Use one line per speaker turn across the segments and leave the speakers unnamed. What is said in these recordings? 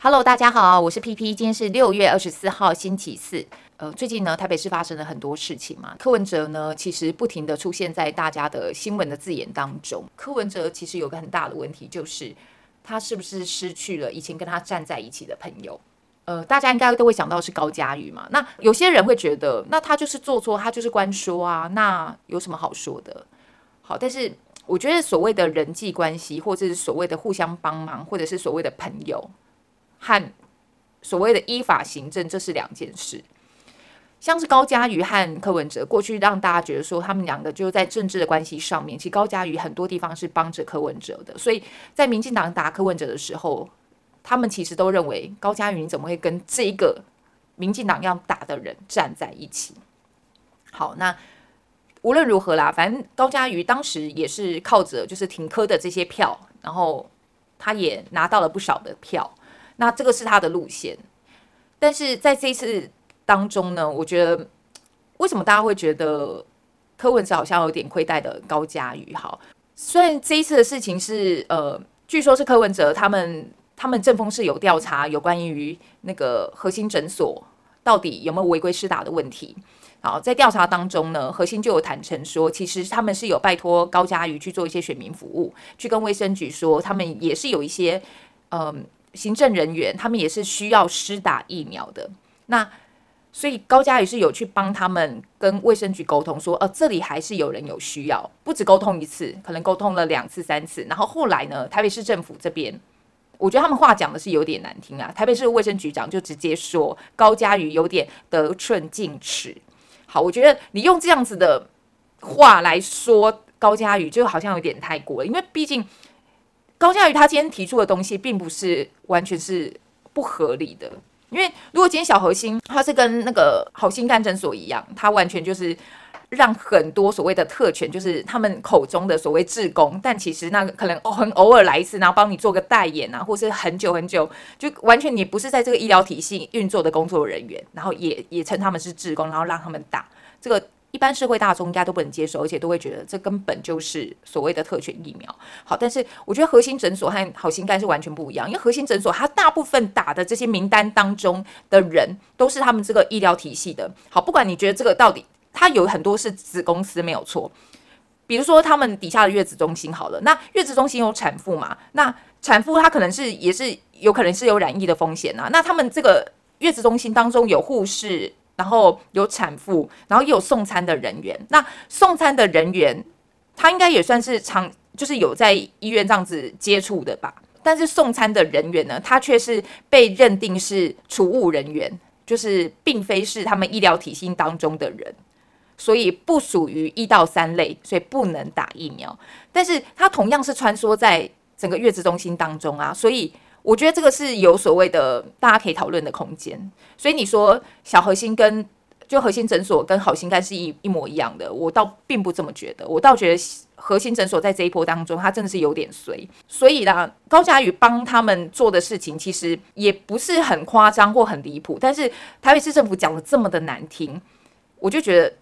Hello，大家好，我是 P P，今天是六月二十四號，星期四。呃，最近呢，台北市發生了很多事情嘛。柯文哲呢，其實不停地出現在大家的新聞的字眼當中。柯文哲其實有個很大的問題，就是他是不是失去了以前跟他站在一起的朋友？呃，大家應該都會想到是高嘉瑜嘛。那有些人會覺得，那他就是做錯，他就是關說啊，那有什麼好說的？好，但是我覺得所謂的人際關係，或者是所謂的互相幫忙，或者是所謂的朋友。和所謂的依法行政，這是兩件事。像是高嘉瑜和柯文哲過去，讓大家覺得說他們兩個就在政治的關係上面。其實高嘉瑜很多地方是幫着柯文哲的，所以在民進黨打柯文哲的時候，他們其實都認為高嘉瑜怎麼會跟這一個民進黨要打的人站在一起？好，那無論如何啦，反正高嘉瑜當時也是靠着就是挺柯的這些票，然後他也拿到了不少的票。那這個是他的路線，但是在這一次當中呢，我覺得為什麼大家會覺得柯文哲好像有點虧待的高嘉瑜？哈，雖然這一次的事情是呃，據說是柯文哲他們他們政風是有調查有關於那個禾馨診所到底有沒有違規施打的問題。好，在調查當中呢，禾馨就有坦承說，其實他們是有拜托高嘉瑜去做一些選民服務，去跟衛生局說他們也是有一些嗯。呃行政人員他們也是需要施打疫苗的，那所以高嘉瑜是有去幫他們跟衛生局溝通說，呃，這裡還是有人有需要，不止溝通一次，可能溝通了兩次、三次，然後後來呢，台北市政府這邊，我覺得他們話講的是有點難聽啊，台北市衛生局長就直接說高嘉瑜有點得寸進尺，好，我覺得你用這樣子的話來說高嘉瑜就好像有點太過了，因為畢竟。高嘉瑜他今天提出的東西，並不是完全是不合理的，因為如果今天小禾馨，他是跟那個好心肝診所一樣，他完全就是讓很多所謂的特權，就是他們口中的所謂志工，但其實那可能很偶爾來一次，然後幫你做個代言啊，或是很久很久就完全你不是在這個醫療體系運作的工作人員，然後也也稱他們是志工，然後讓他們打這個。一般社會大眾應該都不能接受，而且都會覺得這根本就是所謂的特權疫苗。好，但是我覺得禾馨診所和好心肝是完全不一樣，因為禾馨診所它大部分打的這些名單當中的人都是他們這個醫療體系的。好，不管你覺得這個到底，它有很多是子公司沒有錯。比如說他們底下的月子中心好了，那月子中心有產婦嘛。那產婦她可能是也是有可能是有染疫的風險吶、啊。那他們這個月子中心當中有護士。然後有產婦，然後有送餐的人員。那送餐的人員，他應該也算是常，就是有在醫院這樣子接觸的吧。但是送餐的人員呢，他卻是被認定是庶務人員，就是並非是他們醫療體系當中的人，所以不屬於一到三類，所以不能打疫苗。但是他同樣是穿梭在整個月子中心當中啊，所以。我覺得這個是有所謂的，大家可以討論的空間。所以你說小禾馨跟就禾馨診所跟好心肝是一一模一樣的，我倒並不這麼覺得。我倒覺得禾馨診所在這一波當中，它真的是有點衰。所以啦，高嘉瑜幫他們做的事情，其實也不是很誇張或很離譜。但是台北市政府講的這麼的難聽，我就覺得。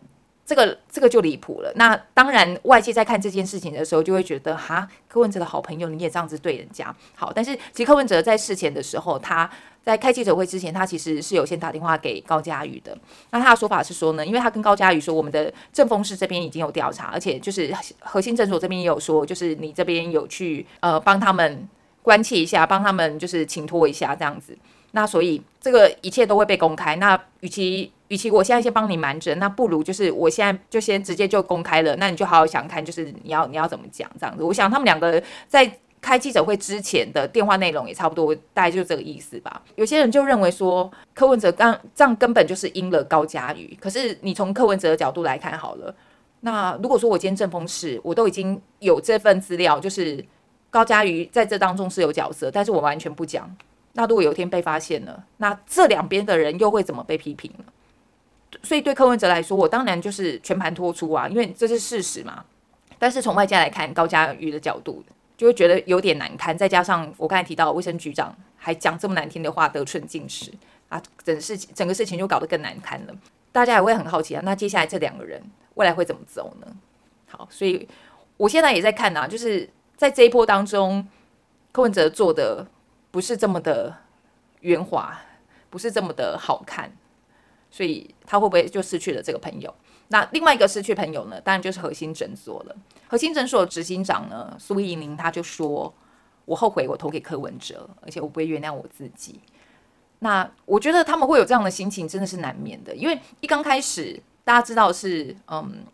這個這個就離譜了。那當然，外界在看這件事情的時候，就會覺得哈，柯文哲的好朋友你也這樣子對人家好。但是，其實柯文哲在事前的時候，他在開記者會之前，他其實是有先打電話給高嘉瑜的。那他的說法是說呢，因為他跟高嘉瑜說，我們的政風室這邊已經有調查，而且就是禾馨診所這邊也有說，就是你這邊有去呃幫他們關切一下，幫他們就是請託一下這樣子。那所以這個一切都會被公開。那與其與其我現在先幫你瞞着，那不如就是我現在就先直接就公開了。那你就好好想看，就是你要你要怎麼講這樣子。我想他們兩個在開記者會之前的電話內容也差不多，大概就這個意思吧。有些人就認為說柯文哲剛這樣根本就是陰了高嘉瑜。可是你從柯文哲的角度來看好了，那如果說我今天正風事，我都已經有這份資料，就是高嘉瑜在這當中是有角色，但是我完全不講。那如果有一天被發現了，那這兩邊的人又會怎麼被批評呢？所以對柯文哲來說，我當然就是全盤托出啊，因為這是事實嘛。但是從外界來看，高嘉瑜的角度就會覺得有點難堪，再加上我剛才提到衛生局長還講這麼難聽的話，得寸進尺啊，整事情整個事情就搞得更難堪了。大家也會很好奇啊，那接下來這兩個人未來會怎麼走呢？好，所以我現在也在看啊，就是在這一波當中，柯文哲做的不是這麼的圓滑，不是這麼的好看。所以他會不會就失去了這個朋友？那另外一個失去的朋友呢？當然就是禾馨診所了。禾馨診所的執行長呢，蘇怡寧他就說：“我後悔，我投給柯文哲，而且我不會原諒我自己。”那我覺得他們會有這樣的心情，真的是難免的。因為一剛開始，大家知道是嗯，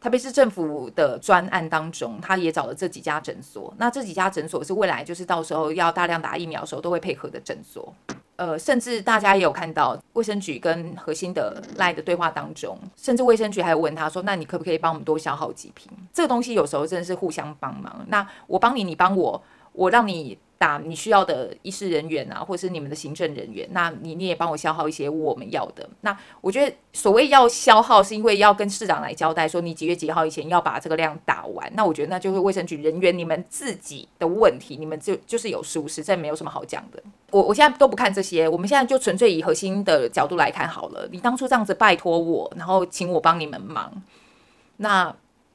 特別是政府的專案當中，他也找了這幾家診所。那這幾家診所是未來就是到時候要大量打疫苗的時候都會配合的診所。呃，甚至大家也有看到衛生局跟禾馨的 LINE 的對話當中，甚至衛生局還有問他說：“那你可不可以幫我們多消耗幾瓶？”這個東西有時候真的是互相幫忙。那我幫你，你幫我，我讓你。打你需要的醫師人員啊，或者是你們的行政人員，那你你也幫我消耗一些我們要的。那我覺得所謂要消耗，是因為要跟市長來交代，說你幾月幾號以前要把這個量打完。那我覺得那就是衛生局人員你們自己的問題，你們就就是有數，實在沒有什麼好講的。我我現在都不看這些，我們現在就純粹以禾馨的角度來看好了。你當初這樣子拜託我，然後請我幫你們忙，那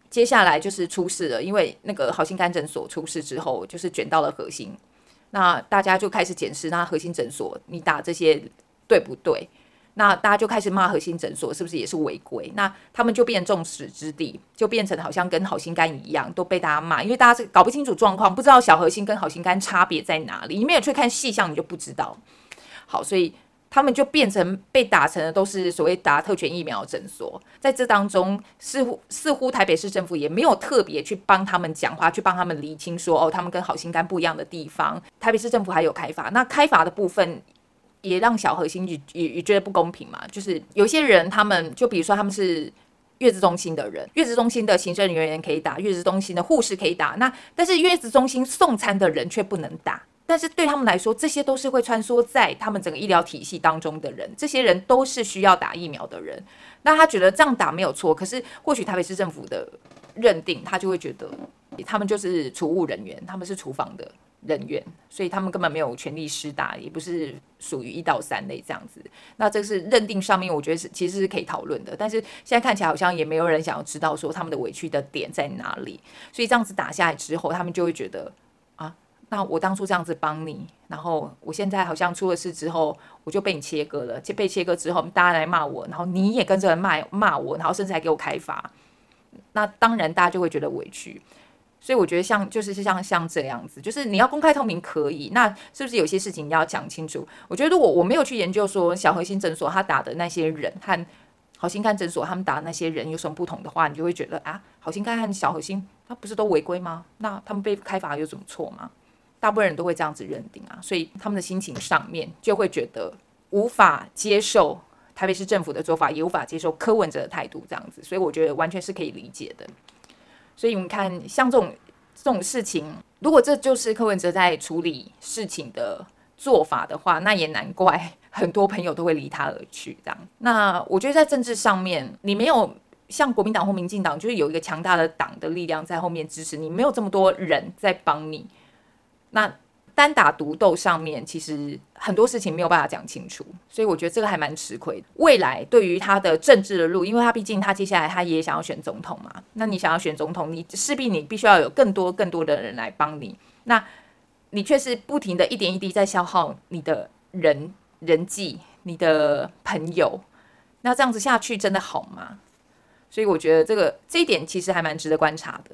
接下來就是出事了，因為那個好心肝診所出事之後，就是捲到了禾馨。那大家就開始檢視那禾馨診所，你打這些對不對？那大家就開始罵禾馨診所是不是也是違規？那他們就變眾矢之的，就變成好像跟好心肝一樣都被大家罵，因為大家是搞不清楚狀況，不知道小禾馨跟好心肝差別在哪裡，你沒有去看細項，你就不知道。好，所以。他們就變成被打成的都是所謂打特權疫苗的診所，在這當中，似乎似乎台北市政府也沒有特別去幫他們講話，去幫他們釐清說，哦，他們跟好心肝不一樣的地方。台北市政府還有開罰，那開罰的部分也讓小禾馨也也覺得不公平嘛。就是有些人，他們就比如說他們是月子中心的人，月子中心的行政人員可以打，月子中心的護士可以打，那但是月子中心送餐的人卻不能打。但是對他們來說，這些都是會穿梭在他們整個醫療體系當中的人，這些人都是需要打疫苗的人。那他覺得這樣打沒有錯，可是或許台北市政府的認定，他就會覺得他們就是廚務人員，他們是廚房的人員，所以他們根本沒有權利施打，也不是屬於一到三類這樣子。那這是認定上面，我覺得是其實是可以討論的。但是現在看起來好像也沒有人想要知道說他們的委屈的點在哪裡，所以這樣子打下來之後，他們就會覺得啊。那我當初這樣子幫你，然後我現在好像出了事之後，我就被你切割了，被切割之後大家來罵我，然後你也跟着罵罵我，然後甚至還給我開罰，那當然大家就會覺得委屈。所以我覺得像就是像像這樣子，就是你要公開透明可以，那是不是有些事情你要講清楚？我覺得如果我，我沒有去研究說禾馨診所他打的那些人和好心肝診所他們打的那些人有什麼不同的話，你就會覺得啊，好心肝和禾馨他不是都違規嗎？那他們被開罰有什麼錯嗎？大部分人都會這樣子認定啊，所以他們的心情上面就會覺得無法接受台北市政府的做法，也無法接受柯文哲的態度這樣子，所以我覺得完全是可以理解的。所以你們看，像這種這種事情，如果這就是柯文哲在處理事情的做法的話，那也難怪很多朋友都會離他而去。這樣，那我覺得在政治上面，你沒有像國民黨或民進黨，就是有一個強大的黨的力量在後面支持你，沒有這麼多人在幫你。那單打獨鬥上面，其實很多事情沒有辦法講清楚，所以我覺得這個還蠻吃虧的。未來對於他的政治的路，因為他畢竟他接下來他也想要選總統嘛，那你想要選總統，你勢必你必須要有更多更多的人來幫你，那你卻是不停的一點一滴在消耗你的人人際、你的朋友，那這樣子下去真的好嗎？所以我覺得這個這一點其實還蠻值得觀察的。